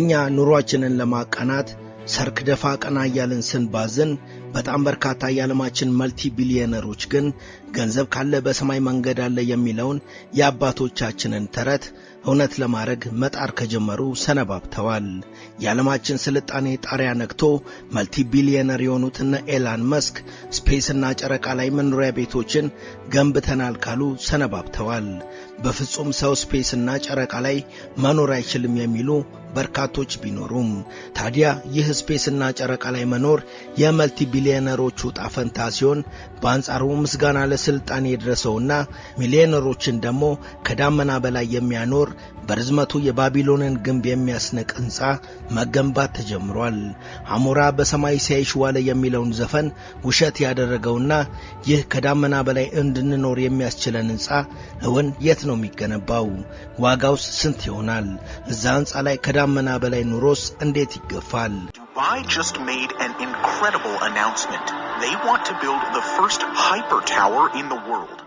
እኛ ኑሯችንን ለማቃናት ሰርክ ደፋ ቀና እያልን ስንባዝን በጣም በርካታ የዓለማችን መልቲ ቢሊየነሮች ግን ገንዘብ ካለ በሰማይ መንገድ አለ የሚለውን የአባቶቻችንን ተረት እውነት ለማድረግ መጣር ከጀመሩ ሰነባብተዋል። የዓለማችን ስልጣኔ ጣሪያ ነግቶ መልቲቢሊየነር ቢሊየነር የሆኑት እነ ኤላን መስክ ስፔስና ጨረቃ ላይ መኖሪያ ቤቶችን ገንብተናል ካሉ ሰነባብተዋል። በፍጹም ሰው ስፔስና ጨረቃ ላይ መኖር አይችልም የሚሉ በርካቶች ቢኖሩም ታዲያ ይህ ስፔስና ጨረቃ ላይ መኖር የመልቲቢሊየነሮቹ ጣፈንታ ዕጣ ፈንታ ሲሆን፣ በአንጻሩ ምስጋና ለስልጣኔ የደረሰውና ሚሊየነሮችን ደግሞ ከዳመና በላይ የሚያኖር በርዝመቱ የባቢሎንን ግንብ የሚያስንቅ ሕንፃ መገንባት ተጀምሯል። አሞራ በሰማይ ሲያይሽ ዋለ የሚለውን ዘፈን ውሸት ያደረገውና ይህ ከዳመና በላይ እንድንኖር የሚያስችለን ሕንፃ እውን የት ነው የሚገነባው? ዋጋውስ ስንት ይሆናል? እዛ ሕንፃ ላይ ከዳመና በላይ ኑሮስ እንዴት ይገፋል? Dubai just made an incredible announcement. They want to build the first hyper tower in the world.